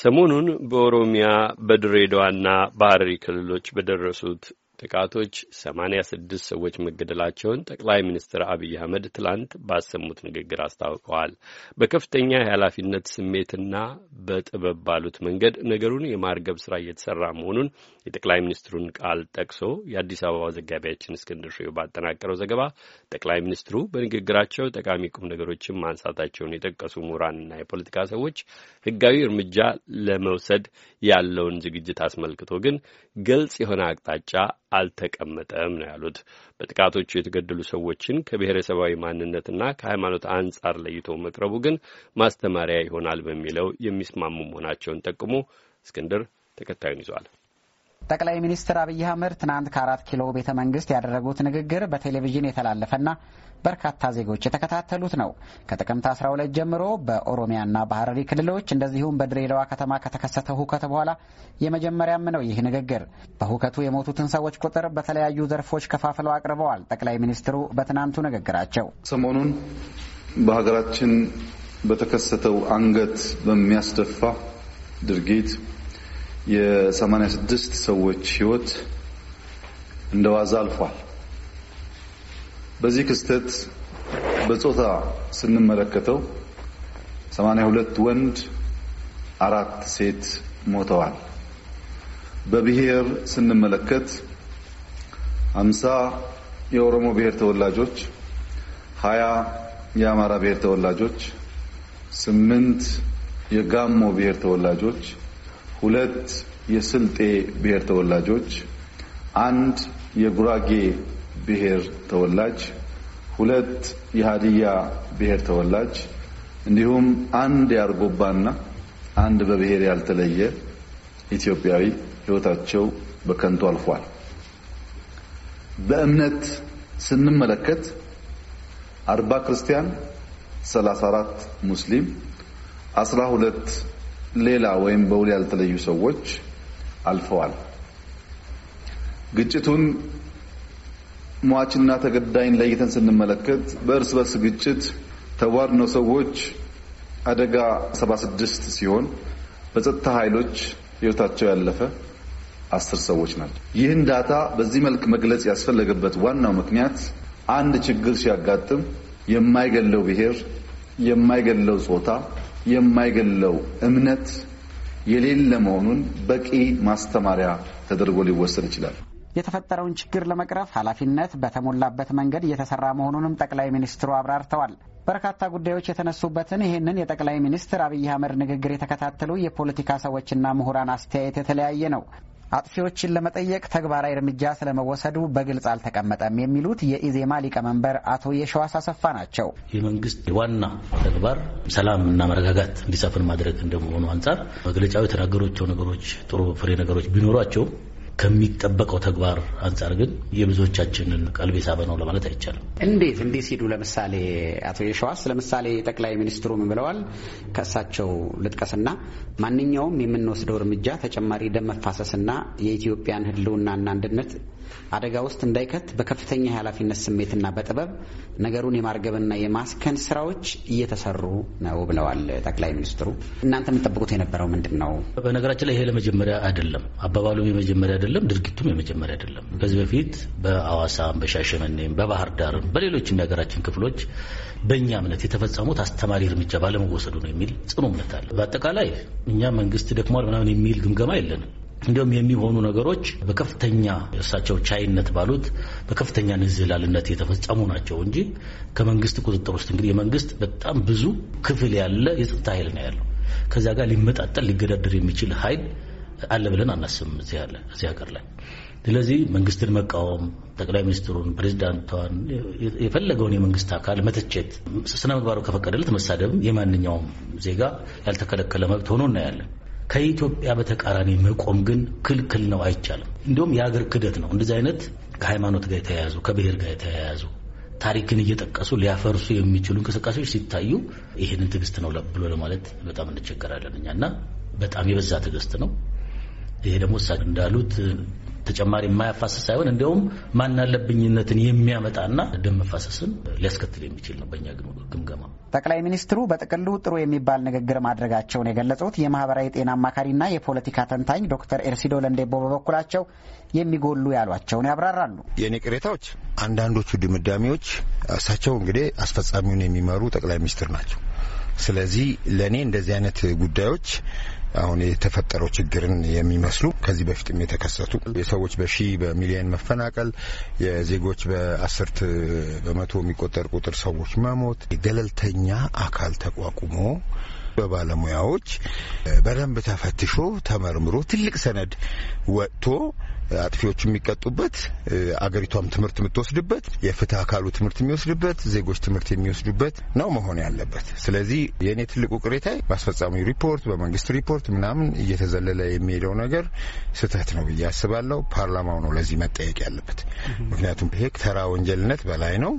ሰሞኑን በኦሮሚያ በድሬዳዋና በሐረሪ ክልሎች በደረሱት ጥቃቶች ሰማንያ ስድስት ሰዎች መገደላቸውን ጠቅላይ ሚኒስትር አብይ አህመድ ትላንት ባሰሙት ንግግር አስታውቀዋል። በከፍተኛ የኃላፊነት ስሜትና በጥበብ ባሉት መንገድ ነገሩን የማርገብ ስራ እየተሰራ መሆኑን የጠቅላይ ሚኒስትሩን ቃል ጠቅሶ የአዲስ አበባ ዘጋቢያችን እስክንድር ሽ ባጠናቀረው ዘገባ ጠቅላይ ሚኒስትሩ በንግግራቸው ጠቃሚ ቁም ነገሮችን ማንሳታቸውን የጠቀሱ ምሁራንና የፖለቲካ ሰዎች ህጋዊ እርምጃ ለመውሰድ ያለውን ዝግጅት አስመልክቶ ግን ገልጽ የሆነ አቅጣጫ አልተቀመጠም ነው ያሉት። በጥቃቶቹ የተገደሉ ሰዎችን ከብሔረሰባዊ ማንነትና ከሃይማኖት አንጻር ለይቶ መቅረቡ ግን ማስተማሪያ ይሆናል በሚለው የሚስማሙ መሆናቸውን ጠቅሞ እስክንድር ተከታዩን ይዟል። ጠቅላይ ሚኒስትር አብይ አህመድ ትናንት ከአራት ኪሎ ቤተ መንግስት ያደረጉት ንግግር በቴሌቪዥን የተላለፈና በርካታ ዜጎች የተከታተሉት ነው። ከጥቅምት 12 ጀምሮ በኦሮሚያና ሐረሪ ክልሎች እንደዚሁም በድሬዳዋ ከተማ ከተከሰተው ሁከት በኋላ የመጀመሪያም ነው ይህ ንግግር። በሁከቱ የሞቱትን ሰዎች ቁጥር በተለያዩ ዘርፎች ከፋፍለው አቅርበዋል ጠቅላይ ሚኒስትሩ በትናንቱ ንግግራቸው። ሰሞኑን በሀገራችን በተከሰተው አንገት በሚያስደፋ ድርጊት የ86 ሰዎች ህይወት እንደዋዛ አልፏል። በዚህ ክስተት በጾታ ስንመለከተው 82 ወንድ፣ አራት ሴት ሞተዋል። በብሔር ስንመለከት አምሳ የኦሮሞ ብሔር ተወላጆች፣ ሀያ የአማራ ብሔር ተወላጆች፣ ስምንት የጋሞ ብሔር ተወላጆች ሁለት የስልጤ ብሔር ተወላጆች፣ አንድ የጉራጌ ብሔር ተወላጅ፣ ሁለት የሀዲያ ብሔር ተወላጅ እንዲሁም አንድ የአርጎባና አንድ በብሔር ያልተለየ ኢትዮጵያዊ ሕይወታቸው በከንቱ አልፏል። በእምነት ስንመለከት አርባ ክርስቲያን፣ ሰላሳ አራት ሙስሊም፣ አስራ ሁለት ሌላ ወይም በውል ያልተለዩ ሰዎች አልፈዋል። ግጭቱን ሟችና ተገዳይን ለይተን ስንመለከት በእርስ በርስ ግጭት ተቧድነው ሰዎች አደጋ 76 ሲሆን በጸጥታ ኃይሎች ህይወታቸው ያለፈ አስር ሰዎች ናቸው። ይህን ዳታ በዚህ መልክ መግለጽ ያስፈለገበት ዋናው ምክንያት አንድ ችግር ሲያጋጥም የማይገለው ብሔር፣ የማይገለው ጾታ የማይገለው እምነት የሌለ መሆኑን በቂ ማስተማሪያ ተደርጎ ሊወሰድ ይችላል። የተፈጠረውን ችግር ለመቅረፍ ኃላፊነት በተሞላበት መንገድ እየተሰራ መሆኑንም ጠቅላይ ሚኒስትሩ አብራርተዋል። በርካታ ጉዳዮች የተነሱበትን ይህንን የጠቅላይ ሚኒስትር አብይ አህመድ ንግግር የተከታተሉ የፖለቲካ ሰዎችና ምሁራን አስተያየት የተለያየ ነው። አጥፊዎችን ለመጠየቅ ተግባራዊ እርምጃ ስለመወሰዱ በግልጽ አልተቀመጠም የሚሉት የኢዜማ ሊቀመንበር አቶ የሸዋስ አሰፋ ናቸው። የመንግስት ዋና ተግባር ሰላም እና መረጋጋት እንዲሰፍን ማድረግ እንደመሆኑ አንጻር መግለጫው የተናገሯቸው ነገሮች ጥሩ ፍሬ ነገሮች ቢኖሯቸው ከሚጠበቀው ተግባር አንጻር ግን የብዙዎቻችንን ቀልብ የሳበ ነው ለማለት አይቻልም። እንዴት እንዲህ ሲሉ ለምሳሌ አቶ የሸዋስ ለምሳሌ ጠቅላይ ሚኒስትሩ ምን ብለዋል? ከእሳቸው ልጥቀስና ማንኛውም የምንወስደው እርምጃ ተጨማሪ ደም መፋሰስና የኢትዮጵያን ሕልውናና አንድነት አደጋ ውስጥ እንዳይከት በከፍተኛ የኃላፊነት ስሜትና በጥበብ ነገሩን የማርገብና የማስከን ስራዎች እየተሰሩ ነው ብለዋል ጠቅላይ ሚኒስትሩ። እናንተ የምጠብቁት የነበረው ምንድን ነው? በነገራችን ላይ ይሄ ለመጀመሪያ አይደለም፣ አባባሉም የመጀመሪያ አይደለም፣ ድርጊቱም የመጀመሪያ አይደለም። ከዚህ በፊት በአዋሳም በሻሸመኔም በባህር ዳርም በሌሎችም የሀገራችን ክፍሎች በእኛ እምነት የተፈጸሙት አስተማሪ እርምጃ ባለመወሰዱ ነው የሚል ጽኑ እምነት አለ። በአጠቃላይ እኛ መንግስት ደክሟል ምናምን የሚል ግምገማ የለንም። እንዲሁም የሚሆኑ ነገሮች በከፍተኛ እሳቸው ቻይነት ባሉት በከፍተኛ ንዝህላልነት የተፈጸሙ ናቸው እንጂ ከመንግስት ቁጥጥር ውስጥ እንግዲህ የመንግስት በጣም ብዙ ክፍል ያለ የጸጥታ ኃይል ነው ያለው። ከዚያ ጋር ሊመጣጠል ሊገዳደር የሚችል ኃይል አለ ብለን አናስብም እዚህ ሀገር ላይ። ስለዚህ መንግስትን መቃወም፣ ጠቅላይ ሚኒስትሩን፣ ፕሬዚዳንቷን፣ የፈለገውን የመንግስት አካል መተቸት፣ ስነ ምግባሩ ከፈቀደለት መሳደብም የማንኛውም ዜጋ ያልተከለከለ መብት ሆኖ እናያለን። ከኢትዮጵያ በተቃራኒ መቆም ግን ክልክል ነው፣ አይቻልም። እንዲሁም የሀገር ክደት ነው። እንደዚህ አይነት ከሃይማኖት ጋር የተያያዙ ከብሔር ጋር የተያያዙ ታሪክን እየጠቀሱ ሊያፈርሱ የሚችሉ እንቅስቃሴዎች ሲታዩ ይህንን ትዕግስት ነው ብሎ ለማለት በጣም እንቸገራለን እኛ እና በጣም የበዛ ትዕግስት ነው። ይሄ ደግሞ እንዳሉት ተጨማሪ የማያፋስስ ሳይሆን እንዲያውም ማናለብኝነትን የሚያመጣና ደም መፋሰስን ሊያስከትል የሚችል ነው በእኛ ግምገማ። ጠቅላይ ሚኒስትሩ በጥቅሉ ጥሩ የሚባል ንግግር ማድረጋቸውን የገለጹት የማህበራዊ ጤና አማካሪና የፖለቲካ ተንታኝ ዶክተር ኤርሲዶ ለንዴቦ በበኩላቸው የሚጎሉ ያሏቸውን ያብራራሉ። የእኔ ቅሬታዎች አንዳንዶቹ ድምዳሜዎች እሳቸው እንግዲህ አስፈጻሚውን የሚመሩ ጠቅላይ ሚኒስትር ናቸው። ስለዚህ ለእኔ እንደዚህ አይነት ጉዳዮች አሁን የተፈጠረው ችግርን የሚመስሉ ከዚህ በፊትም የተከሰቱ የሰዎች በሺ በሚሊየን መፈናቀል፣ የዜጎች በአስርት በመቶ የሚቆጠር ቁጥር ሰዎች መሞት ገለልተኛ አካል ተቋቁሞ በባለሙያዎች በደንብ ተፈትሾ ተመርምሮ ትልቅ ሰነድ ወጥቶ አጥፊዎች የሚቀጡበት፣ አገሪቷም ትምህርት የምትወስድበት፣ የፍትህ አካሉ ትምህርት የሚወስድበት፣ ዜጎች ትምህርት የሚወስዱበት ነው መሆን ያለበት። ስለዚህ የእኔ ትልቁ ቅሬታ በአስፈጻሚ ሪፖርት፣ በመንግስት ሪፖርት ምናምን እየተዘለለ የሚሄደው ነገር ስህተት ነው ብዬ አስባለሁ። ፓርላማው ነው ለዚህ መጠየቅ ያለበት። ምክንያቱም ህግ ተራ ወንጀልነት በላይ ነው።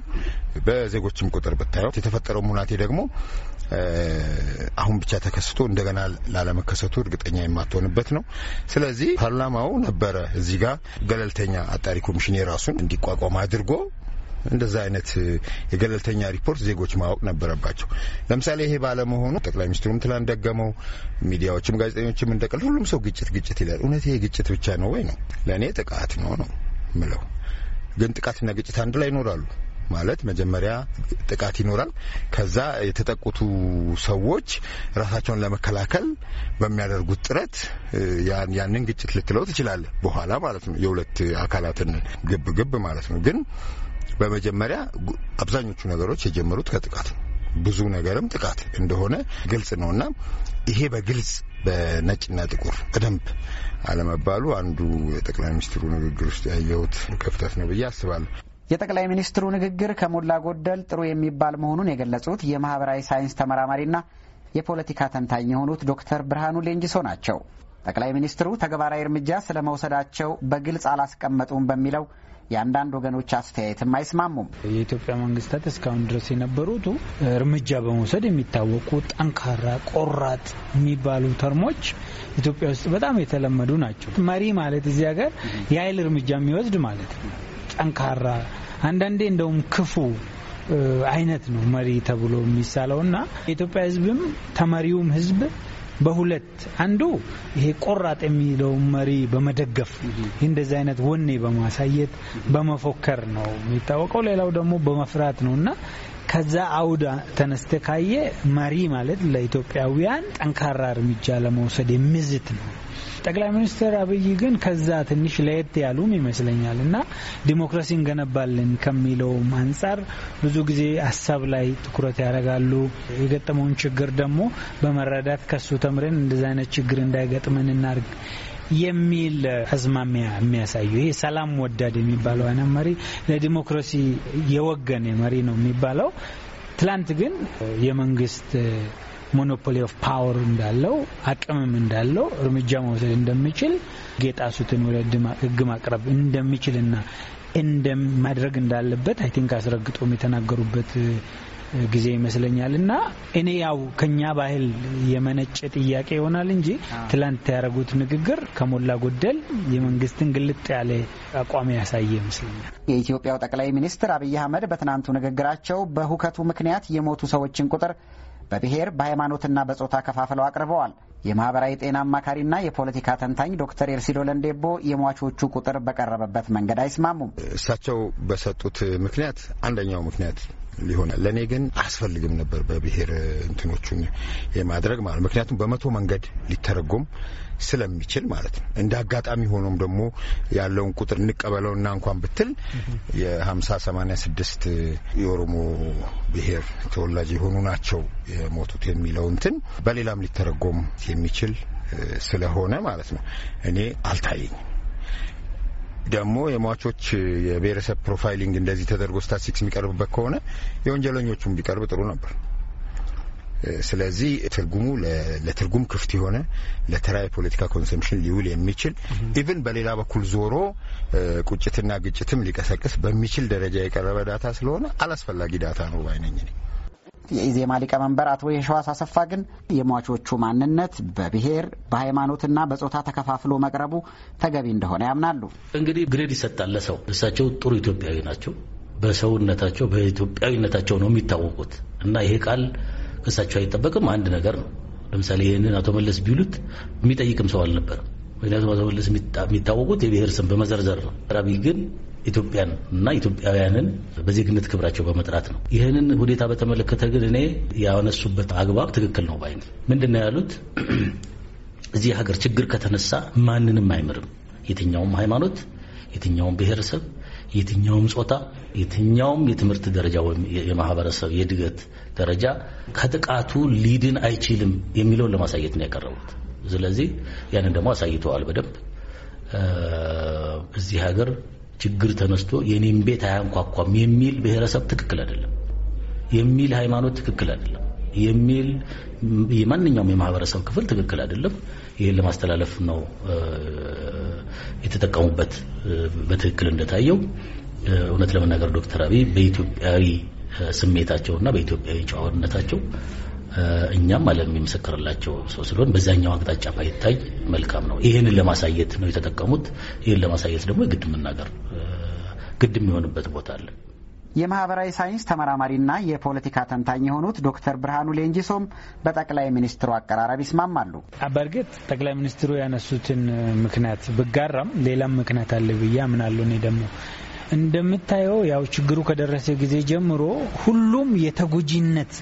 በዜጎችም ቁጥር ብታየው የተፈጠረው ሙናቴ ደግሞ አሁን ብቻ ተከስቶ እንደገና ላለመከሰቱ እርግጠኛ የማትሆንበት ነው። ስለዚህ ፓርላማው ነበረ እዚህ እዚህ ጋር ገለልተኛ አጣሪ ኮሚሽን የራሱን እንዲቋቋም አድርጎ እንደዛ አይነት የገለልተኛ ሪፖርት ዜጎች ማወቅ ነበረባቸው። ለምሳሌ ይሄ ባለመሆኑ ጠቅላይ ሚኒስትሩም ትላንት ደገመው፣ ሚዲያዎችም ጋዜጠኞችም እንደቀል ሁሉም ሰው ግጭት ግጭት ይላል። እውነት ይሄ ግጭት ብቻ ነው ወይ ነው? ለእኔ ጥቃት ነው ነው ምለው። ግን ጥቃትና ግጭት አንድ ላይ ይኖራሉ። ማለት መጀመሪያ ጥቃት ይኖራል። ከዛ የተጠቁቱ ሰዎች ራሳቸውን ለመከላከል በሚያደርጉት ጥረት ያንን ግጭት ልትለው ትችላለ። በኋላ ማለት ነው። የሁለት አካላትን ግብ ግብ ማለት ነው። ግን በመጀመሪያ አብዛኞቹ ነገሮች የጀመሩት ከጥቃት ብዙ ነገርም ጥቃት እንደሆነ ግልጽ ነው እና ይሄ በግልጽ በነጭና ጥቁር በደንብ አለመባሉ አንዱ የጠቅላይ ሚኒስትሩ ንግግር ውስጥ ያየሁት ክፍተት ነው ብዬ አስባለሁ። የጠቅላይ ሚኒስትሩ ንግግር ከሞላ ጎደል ጥሩ የሚባል መሆኑን የገለጹት የማህበራዊ ሳይንስ ተመራማሪና የፖለቲካ ተንታኝ የሆኑት ዶክተር ብርሃኑ ሌንጅሶ ናቸው። ጠቅላይ ሚኒስትሩ ተግባራዊ እርምጃ ስለ መውሰዳቸው በግልጽ አላስቀመጡም በሚለው የአንዳንድ ወገኖች አስተያየትም አይስማሙም። የኢትዮጵያ መንግስታት እስካሁን ድረስ የነበሩት እርምጃ በመውሰድ የሚታወቁ ጠንካራ፣ ቆራጥ የሚባሉ ተርሞች ኢትዮጵያ ውስጥ በጣም የተለመዱ ናቸው። መሪ ማለት እዚህ ሀገር የኃይል እርምጃ የሚወስድ ማለት ነው። ጠንካራ፣ አንዳንዴ እንደውም ክፉ አይነት ነው መሪ ተብሎ የሚሳለው እና የኢትዮጵያ ሕዝብም ተመሪውም ሕዝብ በሁለት አንዱ ይሄ ቆራጥ የሚለውን መሪ በመደገፍ እንደዚህ አይነት ወኔ በማሳየት በመፎከር ነው የሚታወቀው። ሌላው ደግሞ በመፍራት ነው እና ከዛ አውዳ ተነስተ ካየ መሪ ማለት ለኢትዮጵያውያን ጠንካራ እርምጃ ለመውሰድ የሚዝት ነው። ጠቅላይ ሚኒስትር አብይ ግን ከዛ ትንሽ ለየት ያሉም ይመስለኛል እና ዲሞክራሲ እንገነባለን ከሚለውም አንጻር ብዙ ጊዜ ሀሳብ ላይ ትኩረት ያደርጋሉ። የገጠመውን ችግር ደግሞ በመረዳት ከሱ ተምረን እንደዚ አይነት ችግር እንዳይገጥመን እናርግ የሚል አዝማሚያ የሚያሳዩ ይሄ ሰላም ወዳድ የሚባለው አይነት መሪ ለዲሞክራሲ የወገነ መሪ ነው የሚባለው። ትላንት ግን የመንግስት ሞኖፖሊ ኦፍ ፓወር እንዳለው አቅምም እንዳለው እርምጃ መውሰድ እንደሚችል ጌጣሱትን ወደ ህግ ማቅረብ እንደሚችልና እንደማድረግ እንዳለበት አይ ቲንክ አስረግጦም የተናገሩበት ጊዜ ይመስለኛል እና እኔ ያው ከኛ ባህል የመነጨ ጥያቄ ይሆናል እንጂ ትላንት ያደረጉት ንግግር ከሞላ ጎደል የመንግስትን ግልጥ ያለ አቋም ያሳየ ይመስለኛል። የኢትዮጵያው ጠቅላይ ሚኒስትር አብይ አህመድ በትናንቱ ንግግራቸው በሁከቱ ምክንያት የሞቱ ሰዎችን ቁጥር በብሔር በሃይማኖትና በጾታ ከፋፍለው አቅርበዋል። የማህበራዊ ጤና አማካሪና የፖለቲካ ተንታኝ ዶክተር ኤርሲዶ ለንዴቦ የሟቾቹ ቁጥር በቀረበበት መንገድ አይስማሙም። እሳቸው በሰጡት ምክንያት አንደኛው ምክንያት ሊሆናል። ለእኔ ግን አስፈልግም ነበር በብሔር እንትኖቹን የማድረግ ማለት ምክንያቱም በመቶ መንገድ ሊተረጎም ስለሚችል ማለት ነው። እንደ አጋጣሚ ሆኖም ደግሞ ያለውን ቁጥር እንቀበለውና እንኳን ብትል የሀምሳ ሰማኒያ ስድስት የኦሮሞ ብሔር ተወላጅ የሆኑ ናቸው የሞቱት የሚለው እንትን በሌላም ሊተረጎም የሚችል ስለሆነ ማለት ነው እኔ አልታየኝም። ደግሞ የሟቾች የብሔረሰብ ፕሮፋይሊንግ እንደዚህ ተደርጎ ስታትስቲክስ የሚቀርብበት ከሆነ የወንጀለኞቹም ቢቀርብ ጥሩ ነበር። ስለዚህ ትርጉሙ ለትርጉም ክፍት የሆነ ለተራ የፖለቲካ ኮንሰምሽን ሊውል የሚችል ኢቭን በሌላ በኩል ዞሮ ቁጭትና ግጭትም ሊቀሰቅስ በሚችል ደረጃ የቀረበ ዳታ ስለሆነ አላስፈላጊ ዳታ ነው ባይነኝ። የኢዜማ ሊቀመንበር አቶ የሸዋስ አሰፋ ግን የሟቾቹ ማንነት በብሔር በሃይማኖትና በጾታ ተከፋፍሎ መቅረቡ ተገቢ እንደሆነ ያምናሉ። እንግዲህ ግሬድ ይሰጣል ለሰው። እሳቸው ጥሩ ኢትዮጵያዊ ናቸው። በሰውነታቸው በኢትዮጵያዊነታቸው ነው የሚታወቁት እና ይሄ ቃል ከእሳቸው አይጠበቅም። አንድ ነገር ነው። ለምሳሌ ይህንን አቶ መለስ ቢሉት የሚጠይቅም ሰው አልነበረም። ምክንያቱም አቶ መለስ የሚታወቁት የብሔር ስም በመዘርዘር ነው። አብይ ግን ኢትዮጵያን እና ኢትዮጵያውያንን በዜግነት ክብራቸው በመጥራት ነው። ይህንን ሁኔታ በተመለከተ ግን እኔ ያነሱበት አግባብ ትክክል ነው ባይ ምንድን ነው ያሉት? እዚህ ሀገር ችግር ከተነሳ ማንንም አይምርም። የትኛውም ሃይማኖት፣ የትኛውም ብሔረሰብ፣ የትኛውም ጾታ፣ የትኛውም የትምህርት ደረጃ ወይም የማህበረሰብ የእድገት ደረጃ ከጥቃቱ ሊድን አይችልም የሚለውን ለማሳየት ነው ያቀረቡት። ስለዚህ ያንን ደግሞ አሳይተዋል በደንብ እዚህ ሀገር ችግር ተነስቶ የእኔም ቤት አያንኳኳም የሚል ብሔረሰብ ትክክል አይደለም። የሚል ሃይማኖት ትክክል አይደለም። የሚል የማንኛውም የማህበረሰብ ክፍል ትክክል አይደለም። ይህን ለማስተላለፍ ነው የተጠቀሙበት በትክክል እንደታየው። እውነት ለመናገር ዶክተር አብይ በኢትዮጵያዊ ስሜታቸውና በኢትዮጵያዊ ጨዋነታቸው እኛም ዓለም የሚመሰክርላቸው ሰው ስለሆን በዛኛው አቅጣጫ ባይታይ መልካም ነው። ይህንን ለማሳየት ነው የተጠቀሙት። ይህን ለማሳየት ደግሞ የግድ መናገር ነው። ግድ የሚሆንበት ቦታ አለ። የማህበራዊ ሳይንስ ተመራማሪና የፖለቲካ ተንታኝ የሆኑት ዶክተር ብርሃኑ ሌንጂሶም በጠቅላይ ሚኒስትሩ አቀራረብ ይስማማሉ። በእርግጥ ጠቅላይ ሚኒስትሩ ያነሱትን ምክንያት ብጋራም ሌላም ምክንያት አለ ብዬ አምናለሁ። እኔ ደግሞ እንደምታየው ያው ችግሩ ከደረሰ ጊዜ ጀምሮ ሁሉም የተጎጂነት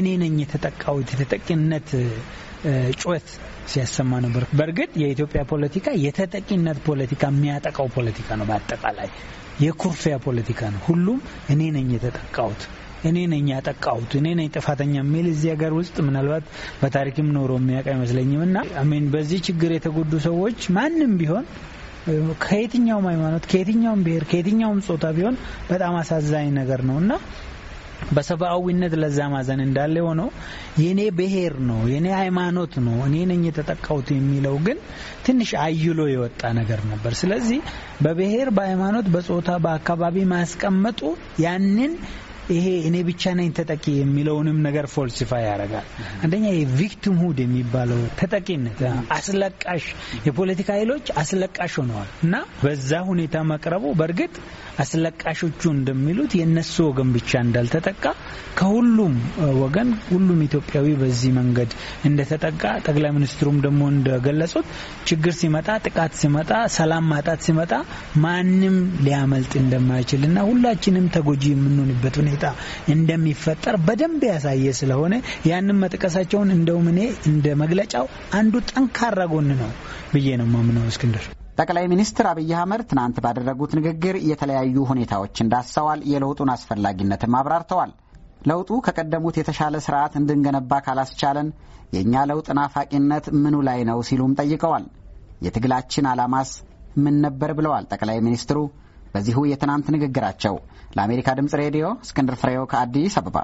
እኔ ነኝ የተጠቃሁት የተጠቂነት ጩኸት ሲያሰማ ነበር። በእርግጥ የኢትዮጵያ ፖለቲካ የተጠቂነት ፖለቲካ የሚያጠቃው ፖለቲካ ነው። በአጠቃላይ የኩርፊያ ፖለቲካ ነው። ሁሉም እኔ ነኝ የተጠቃሁት፣ እኔ ነኝ ያጠቃሁት፣ እኔ ነኝ ጥፋተኛ የሚል እዚህ ሀገር ውስጥ ምናልባት በታሪክም ኖሮ የሚያውቅ አይመስለኝም። እና አሜን በዚህ ችግር የተጎዱ ሰዎች ማንም ቢሆን ከየትኛውም ሃይማኖት፣ ከየትኛውም ብሔር፣ ከየትኛውም ጾታ ቢሆን በጣም አሳዛኝ ነገር ነው እና በሰብአዊነት ለዛ ማዘን እንዳለ ሆኖ የኔ ብሔር ነው የኔ ሃይማኖት ነው እኔ ነኝ የተጠቃሁት የሚለው ግን ትንሽ አይሎ የወጣ ነገር ነበር። ስለዚህ በብሔር በሃይማኖት፣ በጾታ፣ በአካባቢ ማስቀመጡ ያንን ይሄ እኔ ብቻ ነኝ ተጠቂ የሚለውንም ነገር ፎልሲፋይ ያደርጋል። አንደኛ የቪክቲም ሁድ የሚባለው ተጠቂነት አስለቃሽ፣ የፖለቲካ ኃይሎች አስለቃሽ ሆነዋል እና በዛ ሁኔታ መቅረቡ በእርግጥ አስለቃሾቹ እንደሚሉት የእነሱ ወገን ብቻ እንዳልተጠቃ ከሁሉም ወገን ሁሉም ኢትዮጵያዊ በዚህ መንገድ እንደተጠቃ ጠቅላይ ሚኒስትሩም ደግሞ እንደገለጹት ችግር ሲመጣ፣ ጥቃት ሲመጣ፣ ሰላም ማጣት ሲመጣ ማንም ሊያመልጥ እንደማይችል እና ሁላችንም ተጎጂ የምንሆንበት ሁኔታ ሽፍታ እንደሚፈጠር በደንብ ያሳየ ስለሆነ ያንን መጥቀሳቸውን እንደውም እኔ እንደ መግለጫው አንዱ ጠንካራ ጎን ነው ብዬ ነው ማምነው። እስክንድር ጠቅላይ ሚኒስትር አብይ አህመድ ትናንት ባደረጉት ንግግር የተለያዩ ሁኔታዎች እንዳሰዋል የለውጡን አስፈላጊነትም አብራርተዋል። ለውጡ ከቀደሙት የተሻለ ስርዓት እንድንገነባ ካላስቻለን የእኛ ለውጥ ናፋቂነት ምኑ ላይ ነው ሲሉም ጠይቀዋል። የትግላችን ዓላማስ ምን ነበር ብለዋል ጠቅላይ ሚኒስትሩ። በዚሁ የትናንት ንግግራቸው። ለአሜሪካ ድምፅ ሬዲዮ እስክንድር ፍሬው ከአዲስ አበባ